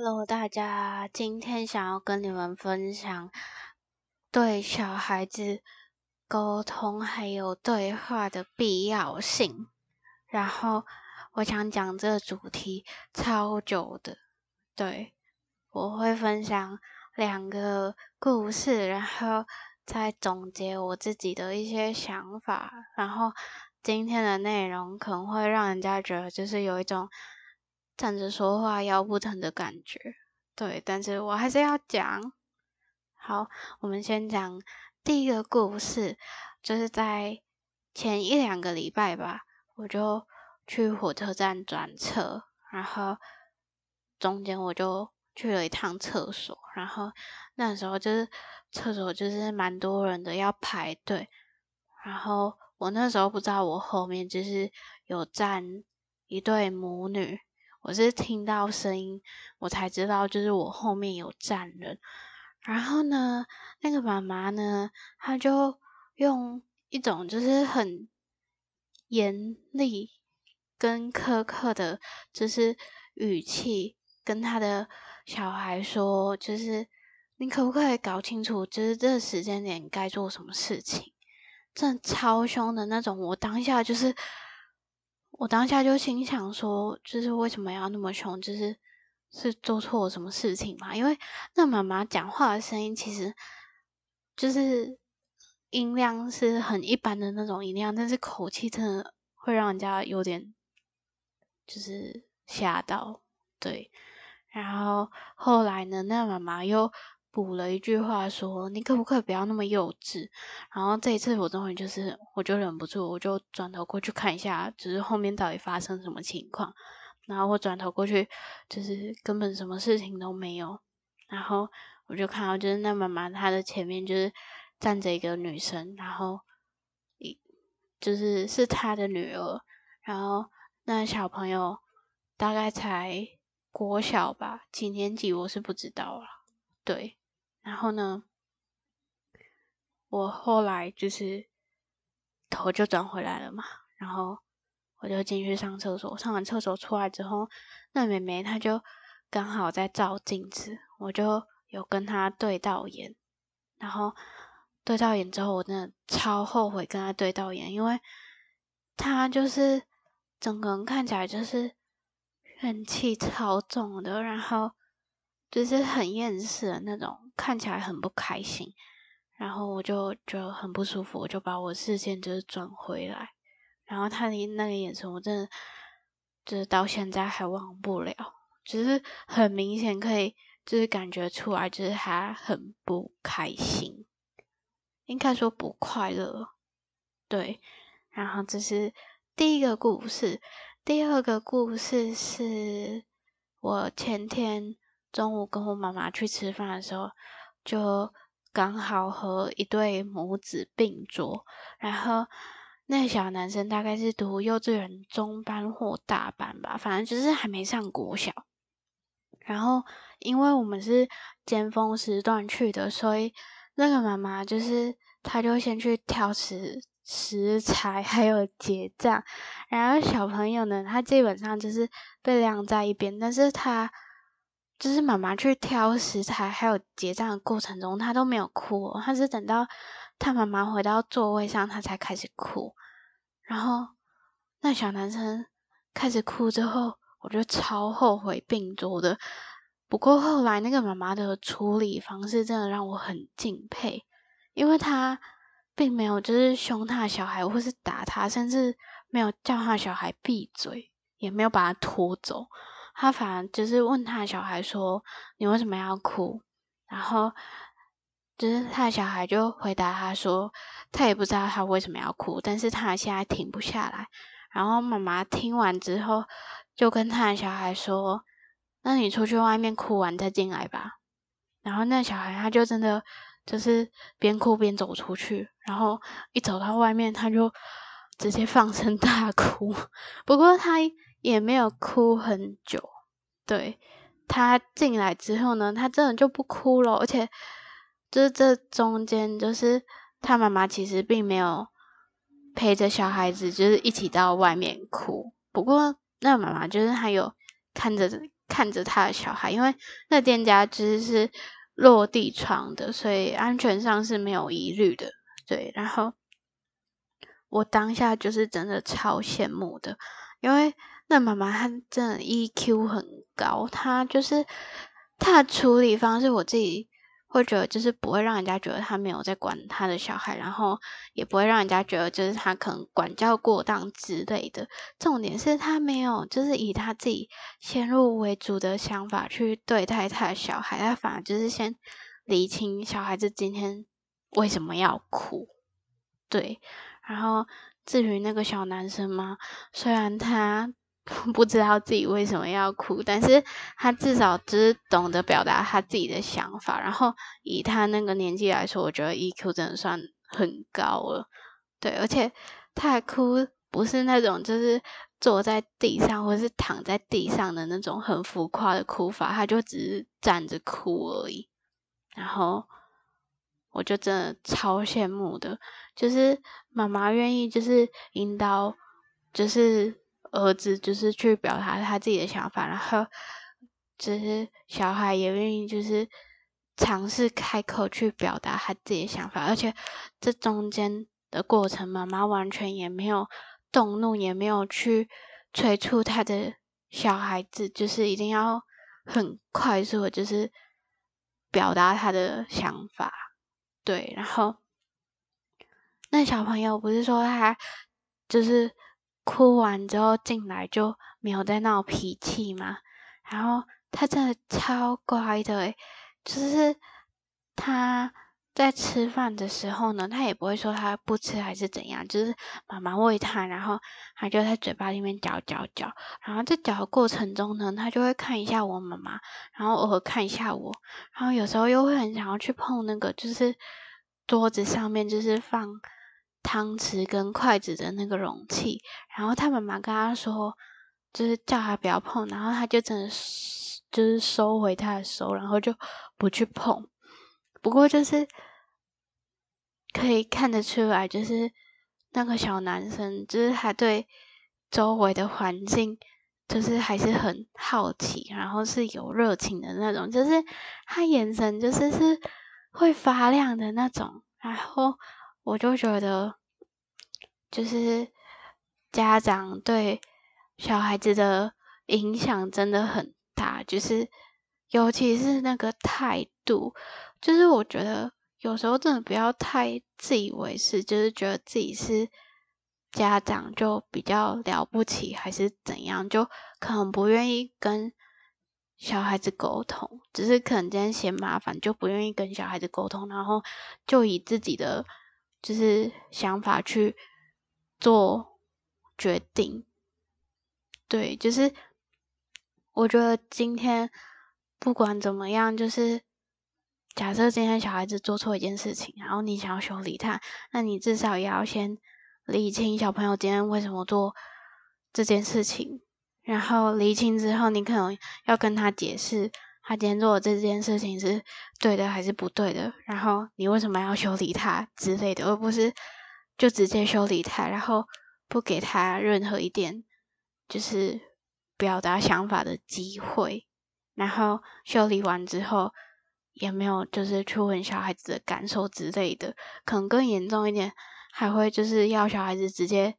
Hello，大家，今天想要跟你們分享對小孩子溝通還有對話的必要性。然後我想講這個主題超久的，對，我會分享兩個故事，然後再總結我自己的一些想法。然後今天的內容可能會讓人家覺得就是有一種。站着說話腰不疼的感覺，對，但是我還是要講。好，我們先講第一個故事，就是在前一兩個禮拜吧，我就去火車站轉車，然後中間我就去了一趟廁所，然後那時候就是廁所就是蠻多人的，要排隊，然後我那時候不知道我後面就是有站一對母女。我是聽到聲音，我才知道就是我後面有站人。然後呢，那個媽媽呢，她就用一種就是很嚴厲跟苛刻的，就是語氣跟她的小孩說，就是你可不可以搞清楚，就是這個時間點該做什麼事情？真的超凶的那種，我當下就是。我當下就心想說，就是為什麼要那麼凶？就是是做錯了什麼事情嘛。因為那媽媽講話的聲音其實就是音量是很一般的那種音量，但是口氣真的會讓人家有點就是嚇到。對，然後後來呢，那媽媽又。補了一句話說：“你可不可以不要那麼幼稚？”然後這一次我終於就是，我就忍不住，我就轉頭過去看一下，就是後面到底發生什麼情況。然後我轉頭過去，就是根本什麼事情都沒有。然後我就看到，就是那媽媽她的前面就是站着一個女生，然後一就是是她的女兒。然後那小朋友大概才國小吧，幾年級我是不知道了，啊。對。然後呢，我後來就是頭就轉回來了嘛。然後我就進去上廁所，上完廁所出來之後，那妹妹她就剛好在照鏡子，我就有跟她對到眼。然後對到眼之後，我真的超後悔跟她對到眼，因為她就是整個人看起來就是怨氣超重的，然後就是很厭世的那種。看起來很不開心，然後我就覺得很不舒服，我就把我視線就是轉回來，然後他的那個眼神，我真的就是到現在還忘不了，只、就是很明顯可以就是感覺出來，就是他很不開心，應該說不快樂。對，然後這是第一個故事，第二個故事是我前天。中午跟我媽媽去吃飯的時候，就剛好和一對母子併桌。然後那個、小男生大概是讀幼稚園中班或大班吧，反正就是還沒上國小。然後因為我們是尖峰時段去的，所以那個媽媽就是她就先去挑食食材，還有結賬。然後小朋友呢，他基本上就是被晾在一邊，但是他。就是媽媽去挑食材，還有結賬的過程中，他都沒有哭，他是等到他媽媽回到座位上，他才開始哭。然後那小男生開始哭之後，我就超後悔併桌的。不過後來那個媽媽的處理方式真的讓我很敬佩，因為她並沒有就是凶他小孩，或是打他，甚至沒有叫他小孩閉嘴，也沒有把他拖走。他反正就是問他的小孩說：“你為什麼要哭？”然後就是他的小孩就回答他說：“他也不知道他為什麼要哭，但是他現在停不下來。”然後媽媽聽完之後就跟他的小孩說：“那你出去外面哭完再進來吧。”然後那小孩他就真的就是邊哭邊走出去，然後一走到外面他就直接放聲大哭。不過他。也沒有哭很久，對，他進來之後呢，他真的就不哭了，而且就是這中間，就是他媽媽其實並沒有陪着小孩子，就是一起到外面哭。不過那媽媽就是還有看着看着他的小孩，因為那店家其實是，是落地窗的，所以安全上是沒有疑慮的。對，然後。我當下就是真的超羨慕的，因為那媽媽她真的 EQ 很高，她就是她的處理方式，我自己會覺得就是不會讓人家覺得她沒有在管她的小孩，然後也不會讓人家覺得就是她可能管教過當之類的。重點是她沒有就是以她自己先入為主的想法去對待她的小孩，她反而就是先理清小孩子今天為什麼要哭，對。然後至於那個小男生嘛，雖然他不知道自己為什麼要哭，但是他至少是懂得表達他自己的想法。然後以他那個年紀來說，我覺得 EQ 真的算很高了。對，而且他哭不是那種就是坐在地上或是躺在地上的那種很浮誇的哭法，他就只是站着哭而已。然後。我就真的超羨慕的，就是媽媽願意，就是引導，就是兒子，就是去表達他自己的想法，然後，就是小孩也願意，就是嘗試開口去表達他自己的想法，而且這中間的過程，媽媽完全也沒有動怒，也沒有去催促他的小孩子，就是一定要很快速的，就是表達他的想法。對，然後那小朋友不是說他就是哭完之後進來就沒有再鬧脾氣嗎？然後他真的超乖的欸，就是他。在吃飯的時候呢，他也不會說他不吃還是怎樣，就是媽媽餵他，然後他就在嘴巴裡面嚼嚼嚼，然後在嚼的過程中呢，他就會看一下我媽媽，然後偶爾看一下我，然後有時候又會很想要去碰那個，就是桌子上面就是放湯匙跟筷子的那個容器，然後他媽媽跟他說，就是叫他不要碰，然後他就真的就是收回他的手，然後就不去碰，不過就是。可以看得出來，就是那個小男生，就是他對周圍的環境，就是還是很好奇，然後是有熱情的那種，就是他眼神就是是會發亮的那種。然後我就覺得，就是家長對小孩子的影響真的很大，就是尤其是那個態度，就是我覺得。有時候真的不要太自以為是，就是覺得自己是家長就比較了不起，還是怎樣，就可能不願意跟小孩子溝通，只是可能今天嫌麻煩就不願意跟小孩子溝通，然後就以自己的就是想法去做決定。對，就是我覺得今天不管怎麼樣，就是。假設今天小孩子做錯一件事情，然後你想要修理他，那你至少也要先理清小朋友今天為什麼做這件事情，然後理清之後，你可能要跟他解釋他今天做的這件事情是對的還是不對的，然後你為什麼要修理他之類的，而不是就直接修理他，然後不給他任何一點就是表達想法的機會，然後修理完之後。也沒有，就是去問小孩子的感受之類的，可能更嚴重一點，還會就是要小孩子直接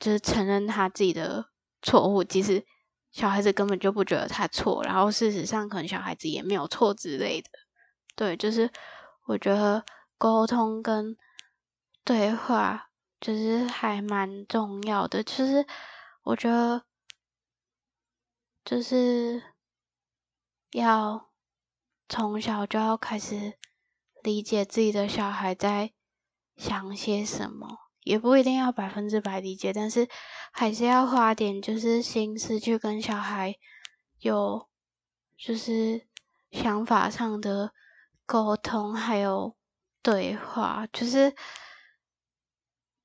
就是承認他自己的錯誤，其實小孩子根本就不覺得他錯，然後事實上可能小孩子也沒有錯之類的。對，就是我覺得溝通跟對話就是還蠻重要的，其實我覺得就是要。從小就要開始理解自己的小孩在想些什麼，也不一定要百分之百理解，但是還是要花點就是心思去跟小孩有就是想法上的溝通，還有對話。就是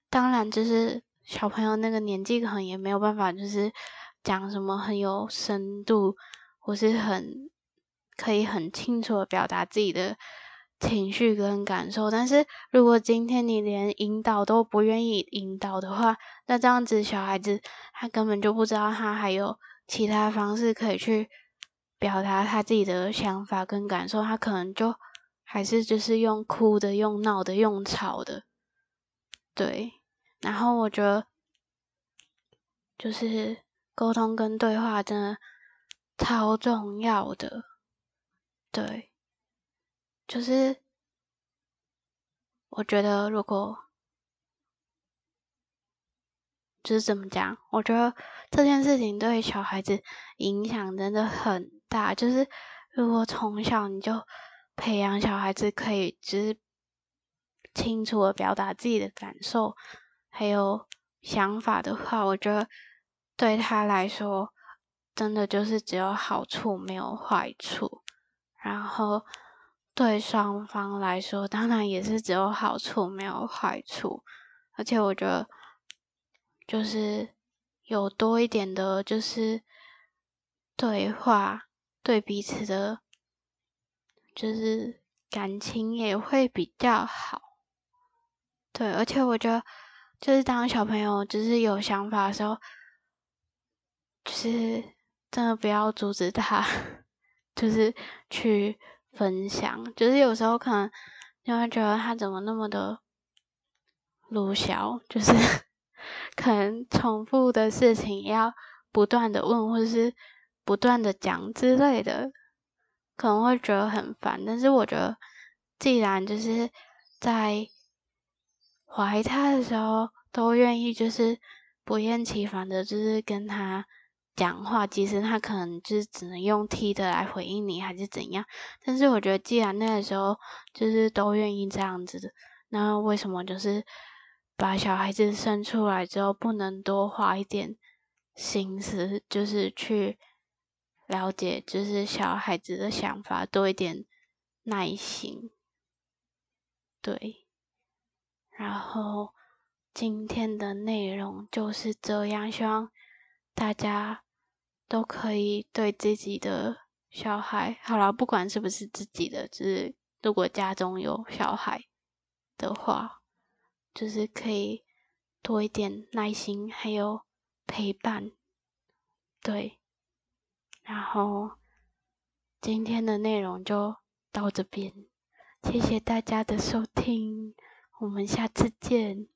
當然，就是小朋友那個年紀可能也沒有辦法，就是講什麼很有深度，或是很。可以很清楚的表達自己的情緒跟感受，但是如果今天你連引導都不願意引導的話，那這樣子小孩子他根本就不知道他還有其他方式可以去表達他自己的想法跟感受，他可能就還是就是用哭的、用鬧的、用吵的。對，然後我覺得就是溝通跟對話真的超重要的。對，就是我覺得，如果就是怎麼講，我覺得這件事情對小孩子影響真的很大。就是如果從小你就培養小孩子可以就是清楚的表達自己的感受，還有想法的話，我覺得對他來說，真的就是只有好處，沒有壞處。然後對雙方來說，當然也是只有好處沒有壞處，而且我覺得就是有多一點的，就是對話，對彼此的，就是感情也會比較好。對，而且我覺得就是當小朋友就是有想法的時候，就是真的不要阻止他。就是去分享，就是有時候可能你會覺得他怎麼那麼的囉嗦，就是可能重複的事情要不斷的問，或者是不斷的講之類的，可能會覺得很煩。但是我覺得，既然就是在懷他的時候都願意，就是不厭其煩的，就是跟他。講話，其實他可能就是只能用踢的來回應你，還是怎樣？但是我覺得，既然那個時候就是都願意這樣子的，那為什麼就是把小孩子生出來之後不能多花一點心思，就是去了解，就是小孩子的想法，多一點耐心。對。然後今天的內容就是這樣，希望大家都可以對自己的小孩好了，不管是不是自己的，就是如果家中有小孩的話，就是可以多一點耐心，還有陪伴。對，然後今天的內容就到這邊，謝謝大家的收聽，我們下次見。